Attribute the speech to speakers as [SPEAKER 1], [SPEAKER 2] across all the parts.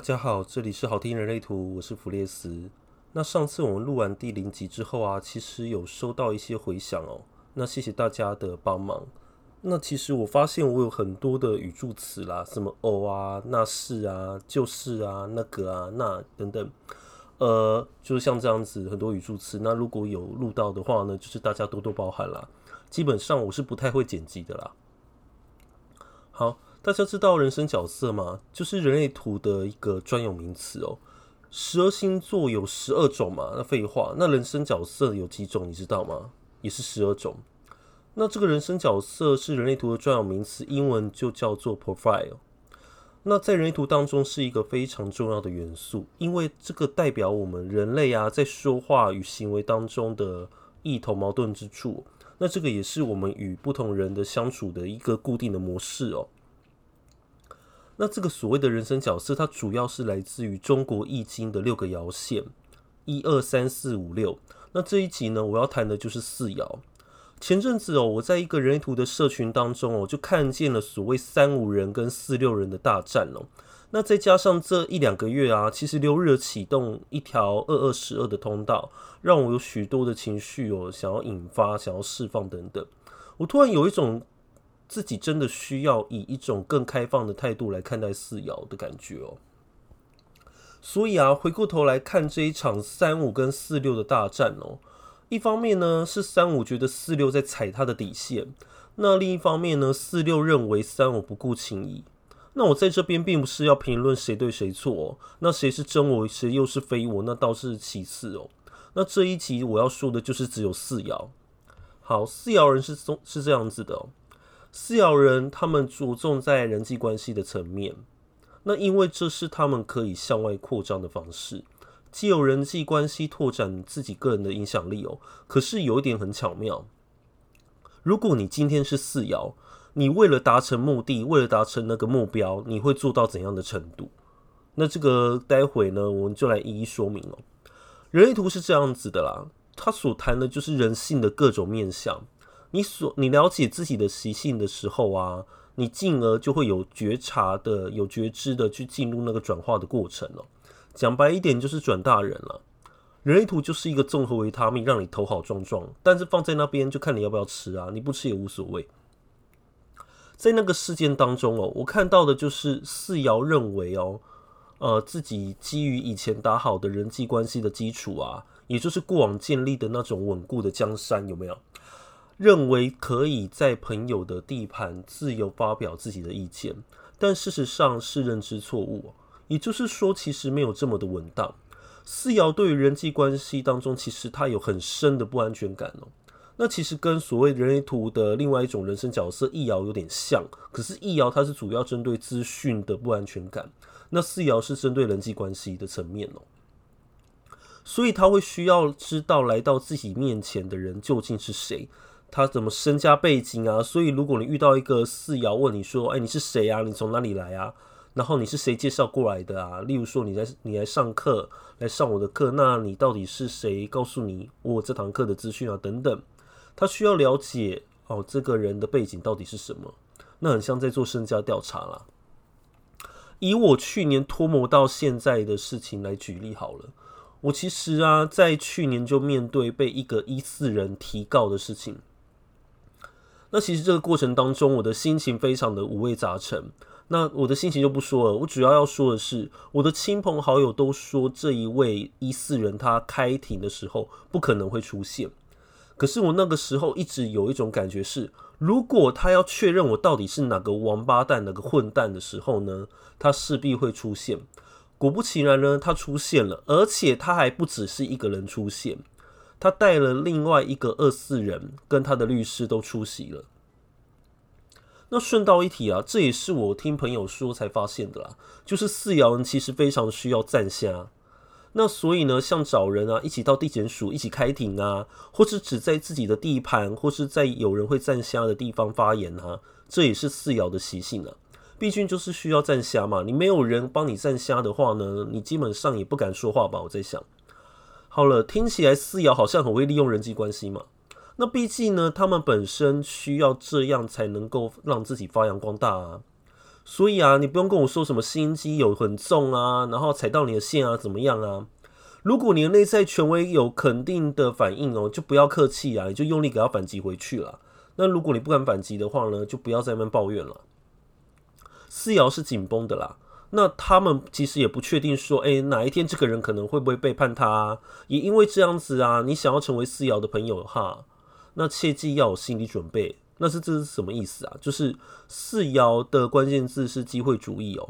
[SPEAKER 1] 大家好，這裡是好聽人類圖，我是弗列斯。那上次我們錄完第零集之後啊，其實有收到一些回響哦。那謝謝大家的幫忙。那其實我發現我有很多的語助詞啦，什麼哦啊、那是啊、就是啊、那個啊、那等等，呃，就是像這樣子很多語助詞。那如果有錄到的話呢，就是大家多多包涵啦。基本上我是不太會剪輯的啦。好。大家知道人生角色嗎？就是人類圖的一個專有名詞哦。十二星座有十二種嘛？那廢話，那人生角色有幾種？你知道嗎？也是十二種。那這個人生角色是人類圖的專有名詞，英文就叫做 profile。那在人類圖當中是一個非常重要的元素，因為這個代表我們人類啊在說話與行為當中的異同矛盾之處。那這個也是我們與不同人的相處的一個固定的模式哦、喔。那這個所謂的人生角色，它主要是來自於中國易經的六個爻線，一二三四五六。那這一集呢，我要談的就是四爻。前陣子哦，我在一個人類圖的社群當中哦，我就看見了所謂三五人跟四六人的大戰了。那再加上這一兩個月啊，其實六日啟動一條二二十二的通道，讓我有許多的情緒哦，想要引發、想要釋放等等。我突然有一種。自己真的需要以一種更開放的態度來看待四爻的感覺哦。所以啊，回過頭來看這一場三五跟四六的大戰哦，一方面呢，是三五覺得四六在踩他的底線，那另一方面呢，四六認為三五不顧情誼。那我在這邊並不是要評論誰對誰錯哦，那誰是真我，誰又是非我，那倒是其次哦。那這一集我要說的就是只有四爻。好，四爻人是鬆是這樣子的哦。四爻人，他們着重在人際關係的層面，那因為這是他們可以向外擴張的方式，既有人際關係拓展，自己個人的影響力哦。可是有一點很巧妙，如果你今天是四爻，你為了達成目的，為了達成那個目標，你會做到怎樣的程度？那這個待會呢，我們就來一一說明哦。人類圖是這樣子的啦，它所談的就是人性的各種面向。你所你了解自己的習性的時候啊，你進而就會有覺察的、有覺知的去進入那個轉化的過程了、喔。講白一點，就是轉大人了、啊。人類圖就是一個綜合維他命，讓你頭好壯壯，但是放在那邊就看你要不要吃啊，你不吃也無所謂。在那個事件當中哦、喔，我看到的就是四爻認為哦、喔，呃，自己基於以前打好的人際關係的基礎啊，也就是過往建立的那種穩固的江山，有沒有？認為可以在朋友的地盤自由發表自己的意見，但事實上是認知錯誤，也就是說，其實沒有這麼的穩當。四爻對於人際關係當中，其實它有很深的不安全感哦、喔。那其實跟所謂人類圖的另外一種人生角色一爻有點像，可是一爻它是主要針對資訊的不安全感，那四爻是針對人際關係的層面哦、喔，所以他會需要知道來到自己面前的人究竟是誰。他怎麼身家背景啊？所以如果你遇到一個四爻問你說：“哎，你是誰啊？你從哪裡來啊？然後你是誰介紹過來的啊？”例如說，你來你來上課，來上我的課，那你到底是誰告訴你我這堂課的資訊啊？等等，他需要了解哦，這個人的背景到底是什麼？那很像在做身家調查啦。以我去年脫模到現在的事情來舉例好了，我其實啊，在去年就面對被一個一四人提告的事情。那其實這個過程當中，我的心情非常的五味雜陳。那我的心情就不說了，我主要要說的是，我的親朋好友都說這一位疑似人他開庭的時候不可能會出現。可是我那個時候一直有一種感覺是，如果他要確認我到底是哪個王八蛋、哪個混蛋的時候呢，他勢必會出現。果不其然呢，他出現了，而且他還不只是一個人出現。他帶了另外一個二四人，跟他的律師都出席了。那順道一提啊，這也是我聽朋友說才發現的啦。就是四爻人其實非常需要站蝦，那所以呢，像找人啊，一起到地檢署一起開庭啊，或是只在自己的地盤，或是在有人會站蝦的地方發言啊，這也是四爻的習性啊。畢竟就是需要站蝦嘛，你沒有人幫你站蝦的話呢，你基本上也不敢說話吧？我在想。好了，聽起來四爻好像很會利用人際關係嘛。那畢竟呢，他們本身需要這樣才能夠讓自己發揚光大啊。所以啊，你不用跟我說什麼心機有很重啊，然後踩到你的線啊，怎麼樣啊？如果你的內在權威有肯定的反應哦，就不要客氣啊，你就用力給他反擊回去了。那如果你不敢反擊的話呢，就不要在那邊抱怨了。四爻是緊繃的啦。那他們其實也不確定說，誒、欸、哪一天這個人可能會不會背叛他，啊？也因為這樣子啊，你想要成為四爻的朋友哈，那切記要有心理準備。那是這是什麼意思啊？就是四爻的關鍵字是機會主義哦。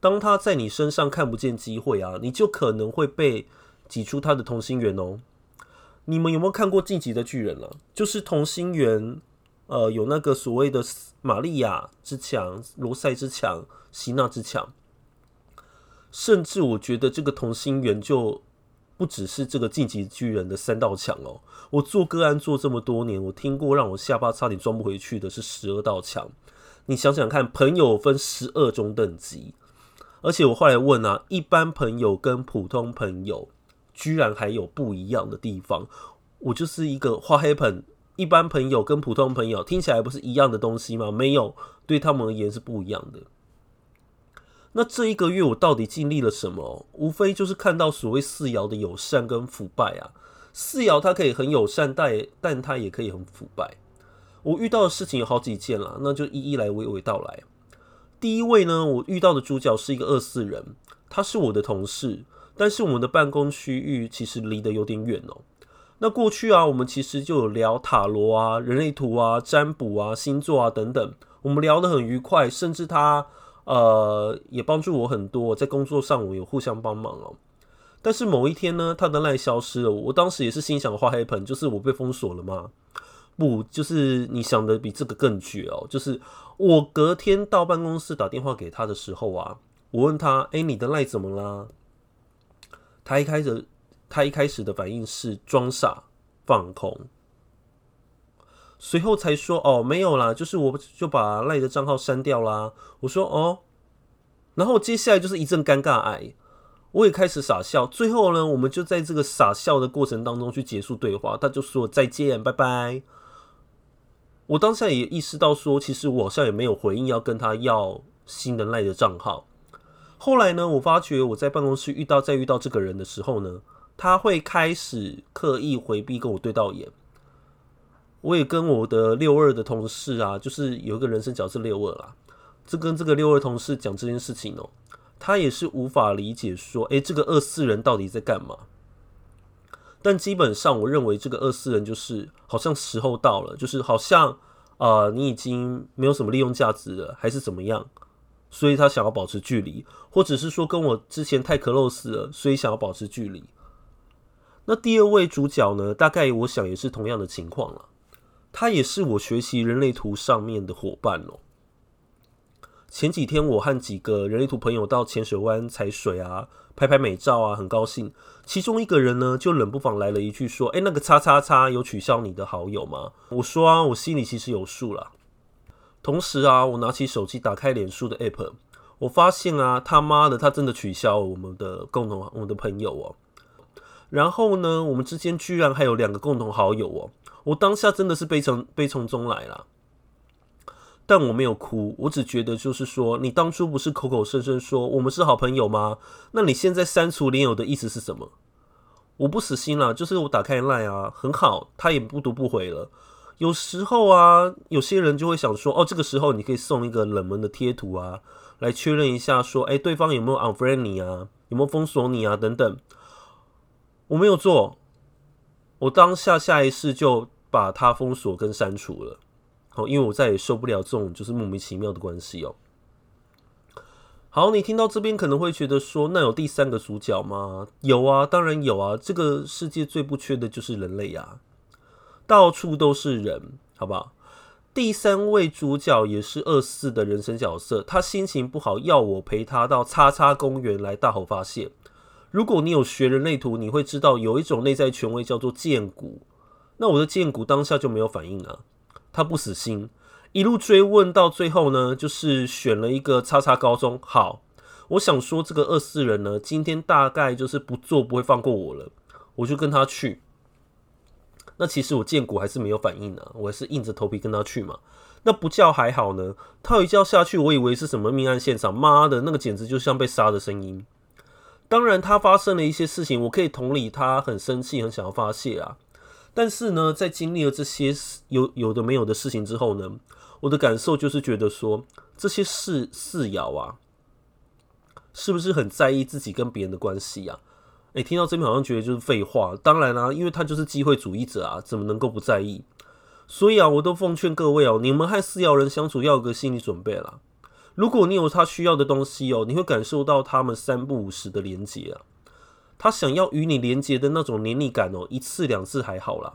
[SPEAKER 1] 當他在你身上看不見機會啊，你就可能會被擠出他的同心圓哦。你們有沒有看過《進擊的巨人、啊》了？就是同心圓，呃，有那個所謂的瑪利亞之牆、羅塞之牆、希娜之牆。甚至我覺得這個同心圓就不只是這個進擊巨人的三道牆哦。我做個案做這麼多年，我聽過讓我下巴差點裝不回去的是十二道牆。你想想看，朋友分十二種等級，而且我後來問啊，一般朋友跟普通朋友居然還有不一樣的地方。我就是一個花黑朋，一般朋友跟普通朋友聽起來不是一樣的東西嗎？沒有，對他們而言是不一樣的。那這一個月我到底經歷了什麼？無非就是看到所謂四爻的友善跟腐敗啊。四爻它可以很友善待，但它也，也可以很腐敗。我遇到的事情有好幾件了，那就一一來娓娓道來。第一位呢，我遇到的主角是一個二四人，他是我的同事，但是我們的辦公區域其實離得有點遠哦、喔。那過去啊，我們其實就有聊塔羅啊、人類圖啊、占卜啊、星座啊等等，我們聊得很愉快，甚至他。呃，也幫助我很多，在工作上我有互相幫忙哦。但是某一天呢，他的賴消失了，我當時也是心想花黑盆，就是我被封鎖了嘛？不，就是你想的比這個更絕哦，就是我隔天到辦公室打電話給他的時候啊，我問他：“哎，你的賴怎麼啦？”他一開始，他一開始的反應是裝傻放空。隨後才說：“哦，沒有啦，就是我就把賴的賬號刪掉啦。”我說：“哦。”然後接下來就是一陣尷尬哎，我也開始傻笑。最後呢，我們就在這個傻笑的過程當中去結束對話。他就說：“再見，拜拜。”我當時也意識到說，其實我好像也沒有回應要跟他要新的賴的賬號。後來呢，我發覺我在辦公室遇到再遇到這個人的時候呢，他會開始刻意回避跟我對到眼。我也跟我的六二的同事啊，就是有一個人生角色六二啦，就跟這個六二同事講這件事情哦、喔，他也是無法理解說，哎、欸，這個二四人到底在幹嘛？但基本上我認為這個二四人就是好像時候到了，就是好像啊、呃，你已經沒有什麼利用價值了，還是怎麼樣，所以他想要保持距離，或者是說跟我之前太 close 了，所以想要保持距離。那第二位主角呢，大概我想也是同樣的情況了。他也是我學習人類圖上面的夥伴哦。前幾天我和幾個人類圖朋友到淺水灣踩水啊，拍拍美照啊，很高興。其中一個人呢，就冷不防來了一句說：“哎，那個叉叉叉有取消你的好友嗎？”我說啊，我心裡其實有數了。同時啊，我拿起手機打開臉書的 app，我發現啊，他媽的，他真的取消我們的共同，我們的朋友哦、啊。然後呢，我們之間居然還有兩個共同好友哦！我當下真的是悲從悲從中來啦。但我沒有哭，我只覺得就是說，你當初不是口口聲聲說我們是好朋友嗎？那你現在刪除連友的意思是什麼？我不死心了，啊，就是我打開 LINE 啊，很好，他也不讀不回了。有時候啊，有些人就會想說，哦，這個時候你可以送一個冷門的貼圖啊，來確認一下說，說哎，對方有沒有 unfriend 你啊，有沒有封鎖你啊，等等。我沒有做，我當下下意識就把他封鎖跟刪除了。好，因為我再也受不了這種就是莫名其妙的關係哦。好，你聽到這邊可能會覺得說，那有第三個主角嗎？有啊，當然有啊，這個世界最不缺的就是人類呀，到處都是人，好不好？第三位主角也是二四的人生角色，他心情不好，要我陪他到叉叉公園來大吼發洩。如果你有學人類圖，你會知道有一種內在權威叫做薦骨。那我的薦骨當下就沒有反應了、啊，他不死心，一路追問到最後呢，就是選了一個叉叉高中。好，我想說這個二四人呢，今天大概就是不做不會放過我了，我就跟他去。那其實我薦骨還是沒有反應啊，我還是硬着頭皮跟他去嘛。那不叫還好呢，他一叫下去，我以為是什麼命案現場，媽的，那個簡直就像被殺的聲音。當然，他發生了一些事情，我可以同理，他很生氣，很想要發洩啊。但是呢，在經歷了這些有有的沒有的事情之後呢，我的感受就是覺得說，這些四四爻啊，是不是很在意自己跟別人的關係啊？哎，聽到這邊好像覺得就是廢話。當然啦、啊，因為他就是機會主義者啊，怎麼能夠不在意？所以啊，我都奉勸各位哦，你們和四爻人相處要有個心理準備啦。如果你有他需要的東西哦，你會感受到他們三不五時的連接啊，他想要與你連接的那種黏膩感哦，一次兩次還好啦，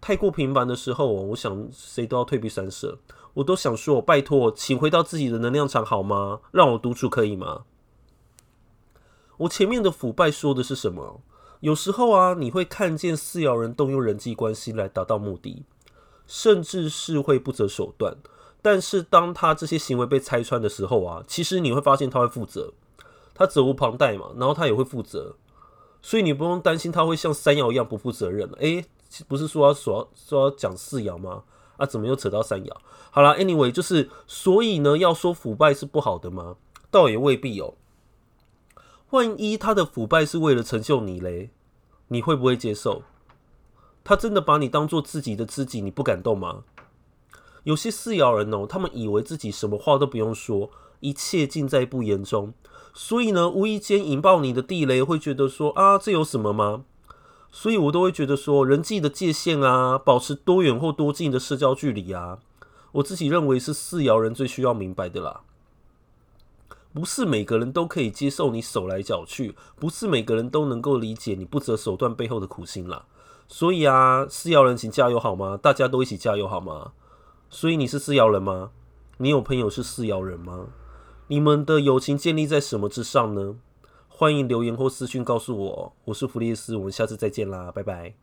[SPEAKER 1] 太過頻繁的時候，我想誰都要退避三舍。我都想說，我拜托，請回到自己的能量場好嗎？讓我獨處可以嗎？我前面的腐敗說的是什麼？有時候啊，你會看見四爻人動用人際關係來達到目的，甚至是會不擇手段。但是當他這些行為被拆穿的時候啊，其實你會發現他會負責，他責無旁貸嘛，然後他也會負責，所以你不用擔心他會像三爻一樣不負責任了。欸，不是說要說說要講四爻嗎？啊，怎麼又扯到三爻？好啦，anyway，就是所以呢，要說腐敗是不好的嗎？倒也未必哦。萬一他的腐敗是為了成就你嘞，你會不會接受？他真的把你當做自己的知己，你不感動嗎？有些四爻人哦，他們以為自己什麼話都不用說，一切盡在不言中，所以呢，無意間引爆你的地雷，會覺得說啊，這有什麼嗎？所以，我都會覺得說，人際的界限啊，保持多遠或多近的社交距離啊，我自己認為是四爻人最需要明白的啦。不是每個人都可以接受你手來腳去，不是每個人都能夠理解你不擇手段背後的苦心啦。所以啊，四爻人，請加油好嗎？大家都一起加油好嗎？所以你是四爻人嗎？你有朋友是四爻人嗎？你們的友情建立在什麼之上呢？歡迎留言或私訊告訴我，我是弗利斯，我們下次再見啦，拜拜。